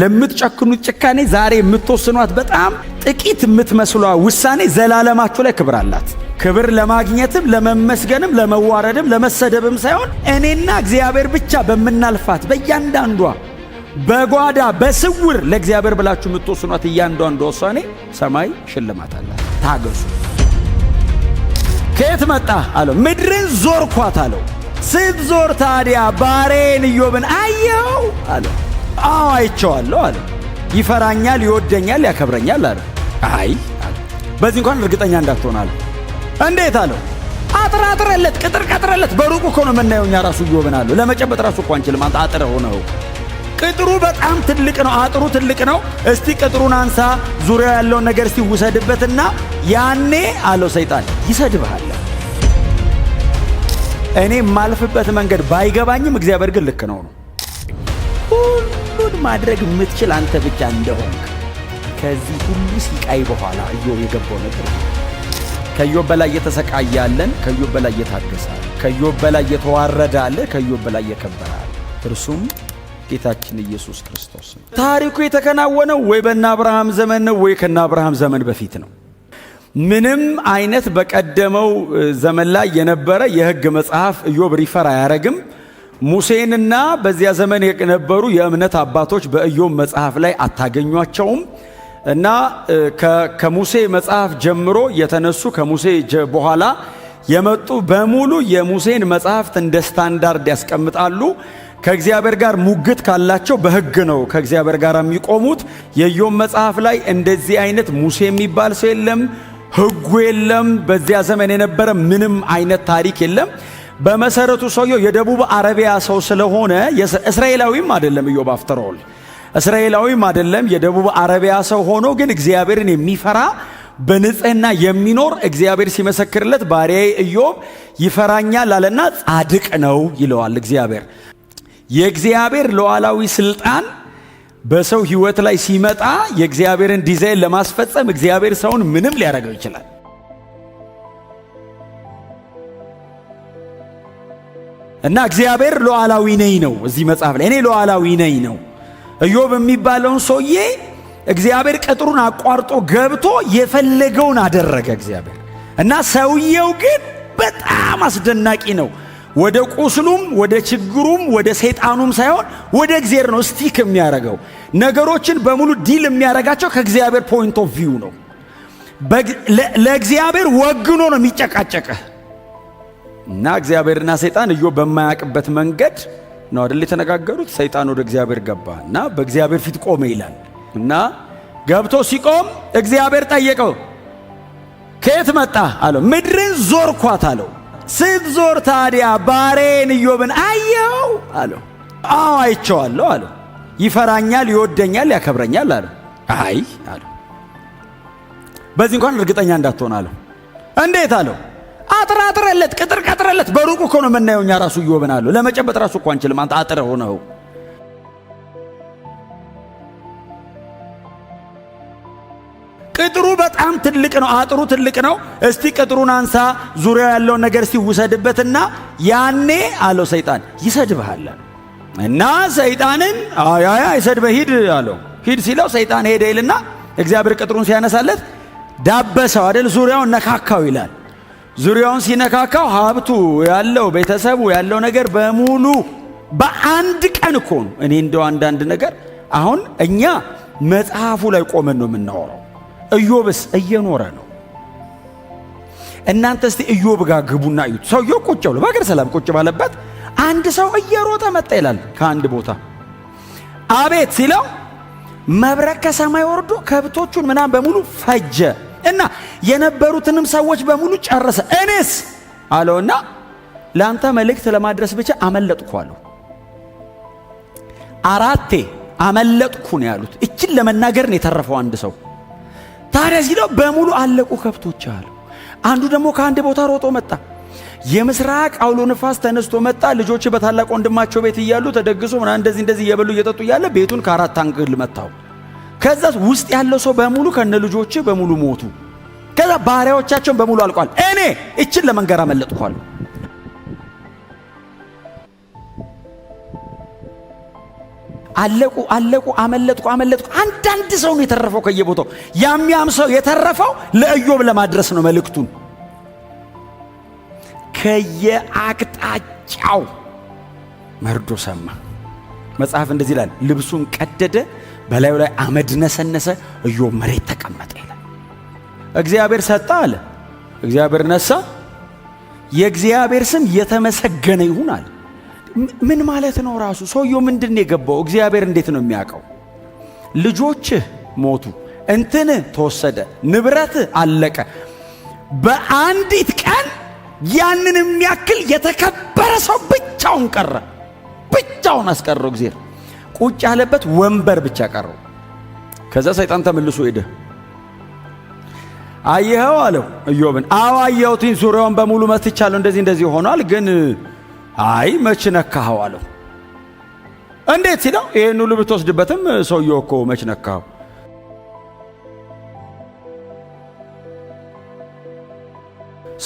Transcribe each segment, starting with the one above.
ለምትጨክኑት ጭካኔ ዛሬ የምትወስኗት በጣም ጥቂት የምትመስሏ ውሳኔ ዘላለማችሁ ላይ ክብር አላት። ክብር ለማግኘትም ለመመስገንም ለመዋረድም ለመሰደብም ሳይሆን እኔና እግዚአብሔር ብቻ በምናልፋት በእያንዳንዷ በጓዳ በስውር ለእግዚአብሔር ብላችሁ የምትወስኗት እያንዳንዷ ውሳኔ ሰማይ ሽልማት አላት። ታገሱ። ከየት መጣ አለው። ምድርን ዞርኳት አለው። ስትዞር ታዲያ ባሬን ኢዮብን አየው አለው። አዎ አይቼዋለሁ አለ። ይፈራኛል፣ ይወደኛል፣ ያከብረኛል አለ። አይ በዚህ እንኳን እርግጠኛ እንዳትሆን አለ። እንዴት አለው። አጥር ቅጥር ቀጥረለት። በሩቁ እኮ ነው የምናየው እኛ ራሱ እየወብን አለው። ለመጨበጥ ራሱ እኮ አንችልም። አንተ አጥር ሆነው ቅጥሩ በጣም ትልቅ ነው። አጥሩ ትልቅ ነው። እስቲ ቅጥሩን አንሳ፣ ዙሪያው ያለውን ነገር እስቲ ውሰድበትና ያኔ አለው ሰይጣን ይሰድብሃል። እኔ የማልፍበት መንገድ ባይገባኝም እግዚአብሔር ግን ልክ ነው ነው ሁሉን ማድረግ የምትችል አንተ ብቻ እንደሆንክ ከዚህ ሁሉ ሲቃይ በኋላ ኢዮብ የገባው ነገር ከዮብ በላይ የተሰቃያለን፣ ከዮብ በላይ የታገሳል፣ ከዮብ በላይ የተዋረዳለ፣ ከዮብ በላይ የከበራል። እርሱም ጌታችን ኢየሱስ ክርስቶስ ነው። ታሪኩ የተከናወነው ወይ በእነ አብርሃም ዘመን ነው ወይ ከእነ አብርሃም ዘመን በፊት ነው። ምንም አይነት በቀደመው ዘመን ላይ የነበረ የሕግ መጽሐፍ ኢዮብ ሪፈር አያረግም። ሙሴንና በዚያ ዘመን የነበሩ የእምነት አባቶች በኢዮብ መጽሐፍ ላይ አታገኟቸውም እና ከሙሴ መጽሐፍ ጀምሮ የተነሱ ከሙሴ በኋላ የመጡ በሙሉ የሙሴን መጽሐፍት እንደ ስታንዳርድ ያስቀምጣሉ። ከእግዚአብሔር ጋር ሙግት ካላቸው በሕግ ነው ከእግዚአብሔር ጋር የሚቆሙት። የኢዮብ መጽሐፍ ላይ እንደዚህ አይነት ሙሴ የሚባል ሰው የለም፣ ሕጉ የለም። በዚያ ዘመን የነበረ ምንም አይነት ታሪክ የለም። በመሰረቱ ሰውየው የደቡብ አረቢያ ሰው ስለሆነ እስራኤላዊም አይደለም። ኢዮብ አፍተረዋል እስራኤላዊም አይደለም፣ የደቡብ አረቢያ ሰው ሆኖ ግን እግዚአብሔርን የሚፈራ በንጽህና የሚኖር እግዚአብሔር ሲመሰክርለት ባሪያዬ ኢዮብ ይፈራኛል አለና ጻድቅ ነው ይለዋል እግዚአብሔር። የእግዚአብሔር ሉዓላዊ ስልጣን በሰው ህይወት ላይ ሲመጣ የእግዚአብሔርን ዲዛይን ለማስፈጸም እግዚአብሔር ሰውን ምንም ሊያደርገው ይችላል። እና እግዚአብሔር ሉዓላዊ ነኝ ነው። እዚህ መጽሐፍ ላይ እኔ ሉዓላዊ ነኝ ነው። እዮብ የሚባለውን ሰውዬ እግዚአብሔር ቅጥሩን አቋርጦ ገብቶ የፈለገውን አደረገ እግዚአብሔር። እና ሰውየው ግን በጣም አስደናቂ ነው። ወደ ቁስሉም ወደ ችግሩም ወደ ሰይጣኑም ሳይሆን ወደ እግዚአብሔር ነው ስቲክ የሚያረገው። ነገሮችን በሙሉ ዲል የሚያረጋቸው ከእግዚአብሔር ፖይንት ኦፍ ቪው ነው። ለእግዚአብሔር ወግኖ ነው የሚጨቃጨቀህ እና እግዚአብሔርና ሰይጣን እዮብ በማያውቅበት መንገድ ነው አደል የተነጋገሩት። ሰይጣን ወደ እግዚአብሔር ገባ እና በእግዚአብሔር ፊት ቆመ ይላል እና ገብቶ ሲቆም እግዚአብሔር ጠየቀው፣ ከየት መጣ አለው። ምድርን ዞርኳት አለው። ስትዞር ታዲያ ባሬን እዮብን አየው አለው። አዎ አይቸዋለሁ አለው። ይፈራኛል፣ ይወደኛል፣ ያከብረኛል አለ። አይ አለው፣ በዚህ እንኳን እርግጠኛ እንዳትሆን አለው። እንዴት አለው አጥር አጥረለት ቅጥር ቀጥረለት። በሩቁ እኮ ነው የምናየው እኛ ራሱ እዮብን አለው። ለመጨበጥ ራሱ እኮ አንችልም። አንተ አጥር ሆነው ቅጥሩ በጣም ትልቅ ነው። አጥሩ ትልቅ ነው። እስቲ ቅጥሩን አንሳ፣ ዙሪያው ያለውን ነገር እስቲ ውሰድበትና ያኔ አለው ሰይጣን ይሰድብሃል እና ሰይጣንን አያያ ይሰድበህ ሂድ አለው። ሂድ ሲለው ሰይጣን ሄደ ይልና እግዚአብሔር ቅጥሩን ሲያነሳለት ዳበሰው አይደል፣ ዙሪያውን ነካካው ይላል ዙሪያውን ሲነካካው ሀብቱ ያለው ቤተሰቡ ያለው ነገር በሙሉ በአንድ ቀን እኮ ነው። እኔ እንደው አንዳንድ ነገር አሁን እኛ መጽሐፉ ላይ ቆመን ነው የምናወራው። እዮብስ እየኖረ ነው። እናንተ እስቲ እዮብ ጋር ግቡና እዩት። ሰውየው ቁጭ ብሎ በአገር ሰላም ቁጭ ባለበት አንድ ሰው እየሮጠ መጣ ይላል ከአንድ ቦታ አቤት ሲለው መብረቅ ከሰማይ ወርዶ ከብቶቹን ምናምን በሙሉ ፈጀ። እና የነበሩትንም ሰዎች በሙሉ ጨረሰ። እኔስ አለውና ለአንተ መልእክት ለማድረስ ብቻ አመለጥኩ አለው። አራቴ አመለጥኩ ነው ያሉት። እችን ለመናገር ነው የተረፈው አንድ ሰው። ታዲያ ሲለው በሙሉ አለቁ ከብቶች አሉ። አንዱ ደግሞ ከአንድ ቦታ ሮጦ መጣ። የምስራቅ አውሎ ንፋስ ተነስቶ መጣ። ልጆች በታላቅ ወንድማቸው ቤት እያሉ ተደግሶ ምናምን እንደዚህ እንደዚህ እየበሉ እየጠጡ እያለ ቤቱን ከአራት አንግል መታው። ከዛ ውስጥ ያለው ሰው በሙሉ ከነ ልጆች በሙሉ ሞቱ። ከዛ ባሪያዎቻቸውን በሙሉ አልቋል። እኔ እችን ለመንገር አመለጥኳል። አለቁ አለቁ፣ አመለጥኩ አመለጥኩ። አንዳንድ ሰው ነው የተረፈው ከየቦታው። ያሚያም ሰው የተረፈው ለእዮብ ለማድረስ ነው መልእክቱን። ከየአቅጣጫው መርዶ ሰማ። መጽሐፍ እንደዚህ ይላል፣ ልብሱን ቀደደ በላዩ ላይ አመድ ነሰነሰ፣ ኢዮብ መሬት ተቀመጠ ይላል። እግዚአብሔር ሰጠ አለ፣ እግዚአብሔር ነሳ፣ የእግዚአብሔር ስም የተመሰገነ ይሁን አለ። ምን ማለት ነው? ራሱ ሰውየው ምንድን ነው የገባው? እግዚአብሔር እንዴት ነው የሚያውቀው? ልጆችህ ሞቱ፣ እንትን ተወሰደ፣ ንብረት አለቀ። በአንዲት ቀን ያንን የሚያክል የተከበረ ሰው ብቻውን ቀረ፣ ብቻውን አስቀረው እግዚአብሔር ቁጭ ያለበት ወንበር ብቻ ቀረው። ከዛ ሰይጣን ተመልሶ ሄደ። አየኸው አለው እዮብን። አዎ አየሁትኝ፣ ዙሪያውን በሙሉ መትቻለሁ፣ እንደዚህ እንደዚህ ሆኗል። ግን አይ መች ነካኸው አለው። እንዴት ሲለው ይህን ሁሉ ብትወስድበትም ሰውየው እኮ መች ነካኸው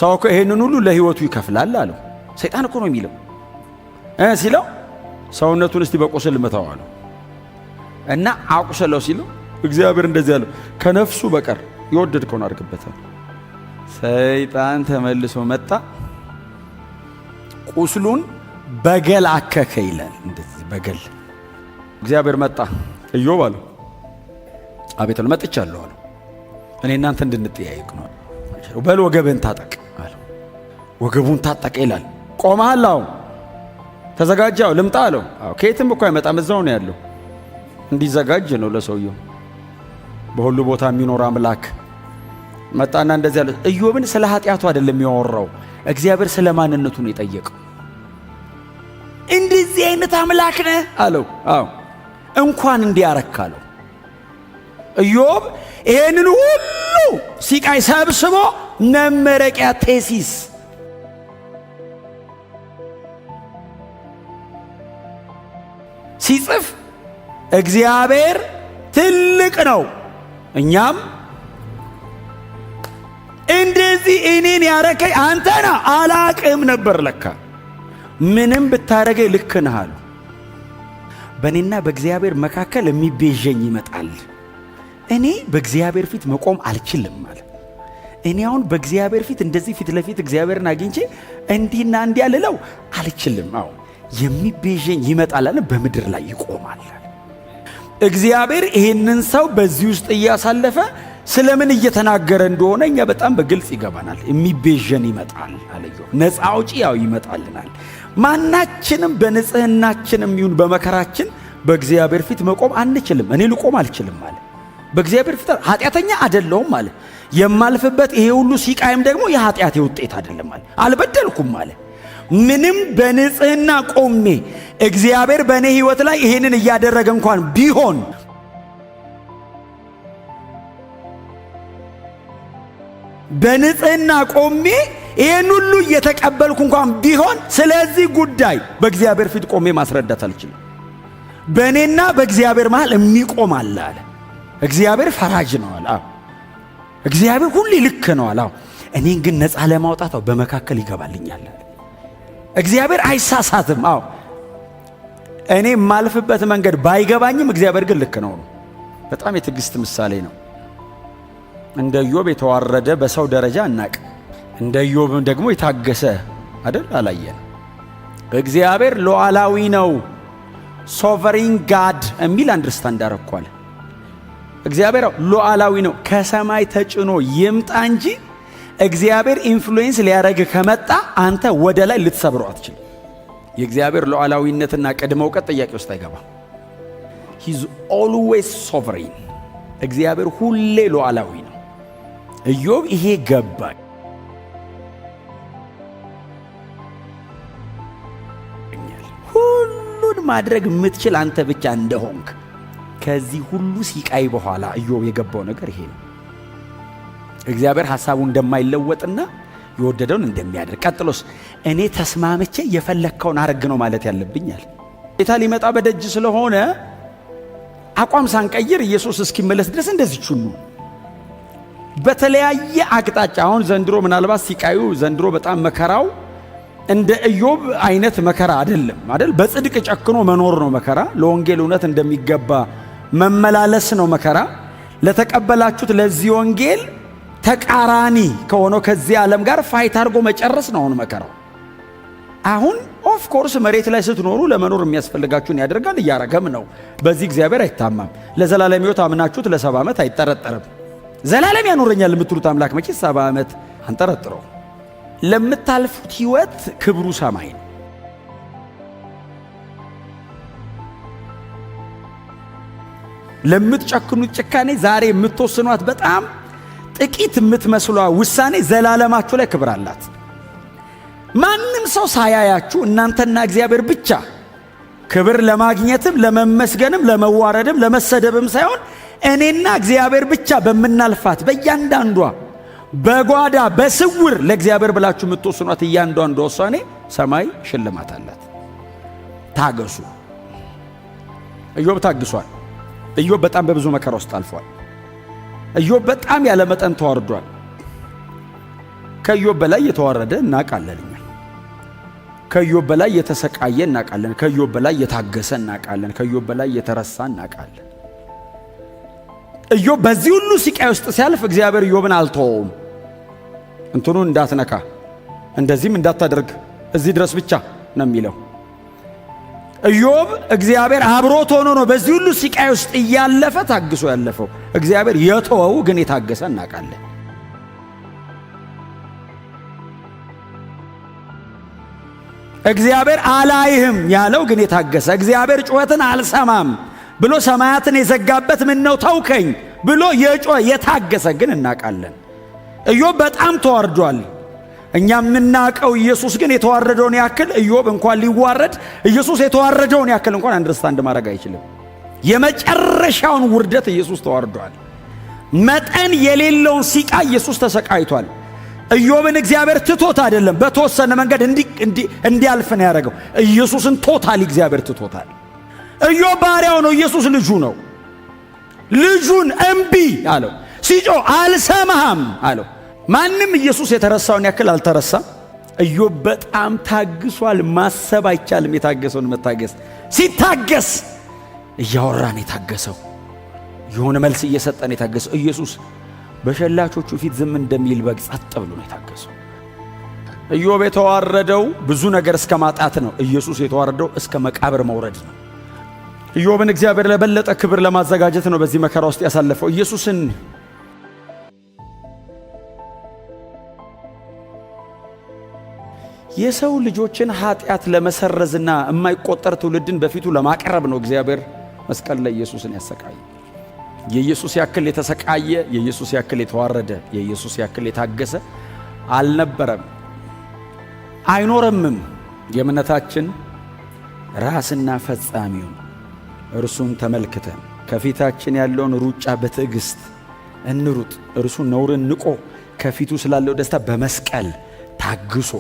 ሰው እኮ ሁሉ ለህይወቱ ይከፍላል አለው። ሰይጣን እኮ ነው የሚለው ሲለው ሰውነቱን እስቲ በቁስል ምታዋለሁ እና አቁሰለው ሲለው እግዚአብሔር እንደዚህ ያለው ከነፍሱ በቀር የወደድከውን አድርግበታል። ሰይጣን ተመልሶ መጣ፣ ቁስሉን በገል አከከ ይላል። እንደዚህ በገል እግዚአብሔር መጣ፣ እዮብ አለው አቤት አለው መጥቻለሁ አለው። እኔ እናንተ እንድንጠያየቅ ነው። በል ወገብህን ታጠቅ አለው። ወገቡን ታጠቀ ይላል። ቆመሃል አሁን ተዘጋጃው ልምጣ አለው። ከየትም እኮ አይመጣም፣ እዛው ነው ያለው። እንዲዘጋጅ ነው ለሰውየው። በሁሉ ቦታ የሚኖር አምላክ መጣና እንደዚህ አለ። እዮብን ስለ ኃጢአቱ አይደለም የሚያወራው እግዚአብሔር ስለ ማንነቱ ነው የጠየቀው። እንደዚህ አይነት አምላክ ነህ አለው። አዎ እንኳን እንዲያረካለው አለው። ኢዮብ ሁሉ ሲቃይ ሰብስቦ መመረቂያ ቴሲስ ሲጽፍ እግዚአብሔር ትልቅ ነው። እኛም እንደዚህ እኔን ያረከኝ አንተና አላቅም ነበር። ለካ ምንም ብታረገኝ ልክ በእኔና በእግዚአብሔር መካከል የሚቤዠኝ ይመጣል። እኔ በእግዚአብሔር ፊት መቆም አልችልም ማለት እኔ አሁን በእግዚአብሔር ፊት እንደዚህ ፊት ለፊት እግዚአብሔርን አግኝቼ እንዲህና እንዲያልለው አልችልም። አሁን የሚቤዠኝ ይመጣል አለ፣ በምድር ላይ ይቆማል። እግዚአብሔር ይህንን ሰው በዚህ ውስጥ እያሳለፈ ስለምን እየተናገረ እንደሆነ እኛ በጣም በግልጽ ይገባናል። የሚቤዠን ይመጣል አለ ነፃ አውጪ ያው ይመጣልናል። ማናችንም በንጽህናችንም ይሁን በመከራችን በእግዚአብሔር ፊት መቆም አንችልም። እኔ ልቆም አልችልም አለ። በእግዚአብሔር ፊት ኃጢአተኛ አደለውም አለ። የማልፍበት ይሄ ሁሉ ሲቃይም ደግሞ የኃጢአቴ ውጤት አደለም አለ። አልበደልኩም አለ። ምንም በንጽህና ቆሜ እግዚአብሔር በእኔ ሕይወት ላይ ይህንን እያደረገ እንኳን ቢሆን በንጽህና ቆሜ ይህን ሁሉ እየተቀበልኩ እንኳን ቢሆን ስለዚህ ጉዳይ በእግዚአብሔር ፊት ቆሜ ማስረዳት አልችልም። በእኔና በእግዚአብሔር መሃል የሚቆም አለ አለ። እግዚአብሔር ፈራጅ ነው አለ። እግዚአብሔር ሁሌ ልክ ነው አለ። እኔን ግን ነፃ ለማውጣት በመካከል ይገባልኛል አለ። እግዚአብሔር አይሳሳትም። አዎ እኔ የማልፍበት መንገድ ባይገባኝም እግዚአብሔር ግን ልክ ነው። በጣም የትዕግስት ምሳሌ ነው። እንደ ኢዮብ የተዋረደ በሰው ደረጃ እናቅ፣ እንደ ኢዮብ ደግሞ የታገሰ አደል አላየን። እግዚአብሔር ሉዓላዊ ነው። ሶቨሪን ጋድ የሚል አንደርስታንድ አረኳል። እግዚአብሔር ሉዓላዊ ነው። ከሰማይ ተጭኖ ይምጣ እንጂ እግዚአብሔር ኢንፍሉዌንስ ሊያደረግ ከመጣ አንተ ወደ ላይ ልትሰብረው አትችልም። የእግዚአብሔር ሉዓላዊነትና ቅድመ እውቀት ጥያቄ ውስጥ አይገባም። ሂዝ ኦልዌይስ ሶቨሬን። እግዚአብሔር ሁሌ ሉዓላዊ ነው። እዮብ ይሄ ገባኝ። ሁሉን ማድረግ የምትችል አንተ ብቻ እንደሆንክ ከዚህ ሁሉ ሲቃይ በኋላ እዮብ የገባው ነገር ይሄ ነው። እግዚአብሔር ሐሳቡ እንደማይለወጥና የወደደውን እንደሚያደርግ ቀጥሎስ እኔ ተስማምቼ የፈለግከውን አርግ ነው ማለት ያለብኛል። ጌታ ሊመጣ በደጅ ስለሆነ አቋም ሳንቀይር ኢየሱስ እስኪመለስ ድረስ እንደዚች ሁሉ በተለያየ አቅጣጫ አሁን ዘንድሮ ምናልባት ሲቃዩ ዘንድሮ በጣም መከራው እንደ ኢዮብ አይነት መከራ አይደለም አይደል? በጽድቅ ጨክኖ መኖር ነው መከራ። ለወንጌል እውነት እንደሚገባ መመላለስ ነው መከራ። ለተቀበላችሁት ለዚህ ወንጌል ተቃራኒ ከሆነው ከዚህ ዓለም ጋር ፋይት አድርጎ መጨረስ ነው አሁን መከራው። አሁን ኦፍ ኮርስ መሬት ላይ ስትኖሩ ለመኖር የሚያስፈልጋችሁን ያደርጋል፣ እያረገም ነው። በዚህ እግዚአብሔር አይታማም። ለዘላለም ሕይወት አምናችሁት ለሰባ ዓመት አይጠረጠርም። ዘላለም ያኖረኛል የምትሉት አምላክ መቼ ሰባ ዓመት አንጠረጥረው። ለምታልፉት ሕይወት ክብሩ ሰማይ ነው። ለምትጨክኑት ጭካኔ ዛሬ የምትወስኗት በጣም ጥቂት የምትመስሏ ውሳኔ ዘላለማችሁ ላይ ክብር አላት። ማንም ሰው ሳያያችሁ እናንተና እግዚአብሔር ብቻ ክብር ለማግኘትም ለመመስገንም ለመዋረድም ለመሰደብም ሳይሆን እኔና እግዚአብሔር ብቻ በምናልፋት በእያንዳንዷ በጓዳ በስውር ለእግዚአብሔር ብላችሁ የምትወስኗት እያንዳንዷ ውሳኔ ሰማይ ሽልማት አላት። ታገሱ። ኢዮብ ታግሷል። ኢዮብ በጣም በብዙ መከራ ውስጥ አልፏል። ኢዮብ በጣም ያለ መጠን ተዋርዷል። ከኢዮብ በላይ የተዋረደ እናቃለን እኛ ከኢዮብ በላይ የተሰቃየ እናውቃለን። ከኢዮብ በላይ የታገሰ እናቃለን። ከኢዮብ በላይ የተረሳ እናውቃለን። ኢዮብ በዚህ ሁሉ ሲቃይ ውስጥ ሲያልፍ እግዚአብሔር ኢዮብን አልተወውም። እንትኑን እንዳትነካ፣ እንደዚህም እንዳታደርግ፣ እዚህ ድረስ ብቻ ነው የሚለው ኢዮብ እግዚአብሔር አብሮት ሆኖ ነው በዚህ ሁሉ ሲቃይ ውስጥ እያለፈ ታግሶ ያለፈው። እግዚአብሔር የተወው ግን የታገሰ እናውቃለን። እግዚአብሔር አላይህም ያለው ግን የታገሰ፣ እግዚአብሔር ጩኸትን አልሰማም ብሎ ሰማያትን የዘጋበት ምን ነው ተውከኝ ብሎ የጮ የታገሰ ግን እናውቃለን። ኢዮብ በጣም ተዋርዷል። እኛ የምናቀው ኢየሱስ ግን የተዋረደውን ያክል ኢዮብ እንኳን ሊዋረድ ኢየሱስ የተዋረደውን ያክል እንኳን አንደርስታንድ ማድረግ አይችልም። የመጨረሻውን ውርደት ኢየሱስ ተዋርዷል። መጠን የሌለውን ሲቃ ኢየሱስ ተሰቃይቷል። ኢዮብን እግዚአብሔር ትቶት አይደለም፣ በተወሰነ መንገድ እንዲያልፍ ነው ያደረገው። ኢየሱስን ቶታል እግዚአብሔር ትቶታል። ኢዮብ ባሪያው ነው፣ ኢየሱስ ልጁ ነው። ልጁን እምቢ አለው። ሲጮ አልሰማህም አለው። ማንም ኢየሱስ የተረሳውን ያክል አልተረሳም። ኢዮብ በጣም ታግሷል። ማሰብ አይቻልም የታገሰውን መታገስ። ሲታገስ እያወራን የታገሰው የሆነ መልስ እየሰጠን የታገሰው ኢየሱስ በሸላቾቹ ፊት ዝም እንደሚል በግ ጸጥ ብሎ ነው የታገሰው። ኢዮብ የተዋረደው ብዙ ነገር እስከ ማጣት ነው። ኢየሱስ የተዋረደው እስከ መቃብር መውረድ ነው። ኢዮብን እግዚአብሔር ለበለጠ ክብር ለማዘጋጀት ነው በዚህ መከራ ውስጥ ያሳለፈው ኢየሱስን የሰው ልጆችን ኃጢአት ለመሰረዝና የማይቆጠር ትውልድን በፊቱ ለማቅረብ ነው። እግዚአብሔር መስቀል ላይ ኢየሱስን ያሰቃየ የኢየሱስ ያክል የተሰቃየ የኢየሱስ ያክል የተዋረደ የኢየሱስ ያክል የታገሰ አልነበረም፣ አይኖረምም የእምነታችን ራስና ፈጻሚውን እርሱን ተመልክተን ከፊታችን ያለውን ሩጫ በትዕግሥት እንሩጥ። እርሱ ነውርን ንቆ ከፊቱ ስላለው ደስታ በመስቀል ታግሶ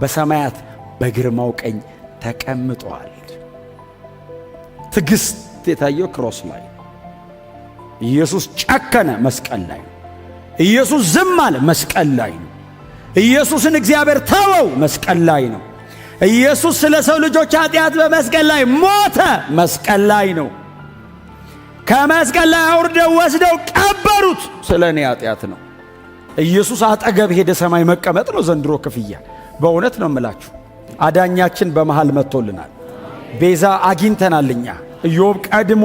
በሰማያት በግርማው ቀኝ ተቀምጠዋል። ትዕግስት የታየው ክሮስ ላይ ኢየሱስ ጨከነ፣ መስቀል ላይ ኢየሱስ ዝም አለ፣ መስቀል ላይ ነው። ኢየሱስን እግዚአብሔር ተወው፣ መስቀል ላይ ነው። ኢየሱስ ስለ ሰው ልጆች ኃጢአት በመስቀል ላይ ሞተ፣ መስቀል ላይ ነው። ከመስቀል ላይ አውርደው ወስደው ቀበሩት፣ ስለ እኔ ኃጢአት ነው። ኢየሱስ አጠገብ ሄደ፣ ሰማይ መቀመጥ ነው ዘንድሮ ክፍያ በእውነት ነው የምላችሁ፣ አዳኛችን በመሃል መጥቶልናል። ቤዛ አግኝተናል። እኛ ኢዮብ ቀድሞ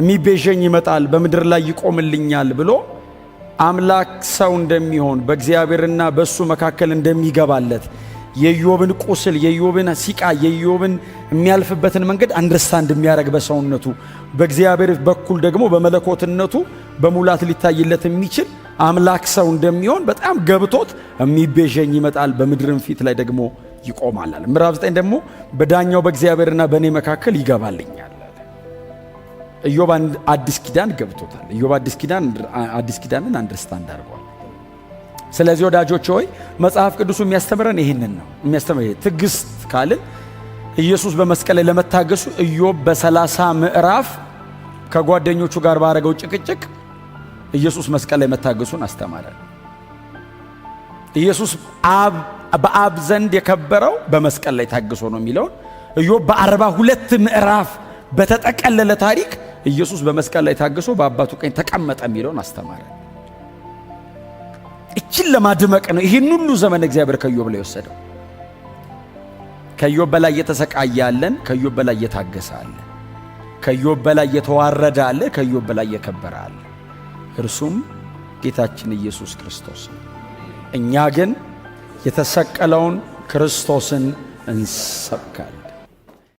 የሚቤዠኝ ይመጣል በምድር ላይ ይቆምልኛል ብሎ አምላክ ሰው እንደሚሆን በእግዚአብሔርና በእሱ መካከል እንደሚገባለት የዮብን ቁስል የዮብን ሲቃ የዮብን የሚያልፍበትን መንገድ አንደርስታንድ የሚያደርግ በሰውነቱ በእግዚአብሔር በኩል ደግሞ በመለኮትነቱ በሙላት ሊታይለት የሚችል አምላክ ሰው እንደሚሆን በጣም ገብቶት የሚቤዠኝ ይመጣል፣ በምድርም ፊት ላይ ደግሞ ይቆማላል። ምዕራፍ 9 ደግሞ በዳኛው በእግዚአብሔርና በእኔ መካከል ይገባልኛል። ኢዮብ አዲስ ኪዳን ገብቶታል። ኢዮብ አዲስ ኪዳንን አንደርስታንድ አድርጓል። ስለዚህ ወዳጆች ሆይ መጽሐፍ ቅዱሱ የሚያስተምረን ይህንን ነው። የሚያስተምረን ትዕግስት ካልን ኢየሱስ በመስቀል ላይ ለመታገሱ ኢዮብ በሰላሳ ምዕራፍ ከጓደኞቹ ጋር ባረገው ጭቅጭቅ ኢየሱስ መስቀል ላይ መታገሱን አስተማረ። ኢየሱስ በአብ ዘንድ የከበረው በመስቀል ላይ ታግሶ ነው የሚለውን ኢዮብ በአርባ ሁለት ምዕራፍ በተጠቀለለ ታሪክ ኢየሱስ በመስቀል ላይ ታግሶ በአባቱ ቀኝ ተቀመጠ የሚለውን አስተማረን። እችን ለማድመቅ ነው ይህን ሁሉ ዘመን እግዚአብሔር ከዮብ ላይ ወሰደው። ከዮብ በላይ እየተሰቃየ አለን፣ ከዮብ በላይ እየታገሰ አለ፣ ከዮብ በላይ እየተዋረደ አለ፣ ከዮብ በላይ እየከበረ አለ። እርሱም ጌታችን ኢየሱስ ክርስቶስ ነው። እኛ ግን የተሰቀለውን ክርስቶስን እንሰብካለን።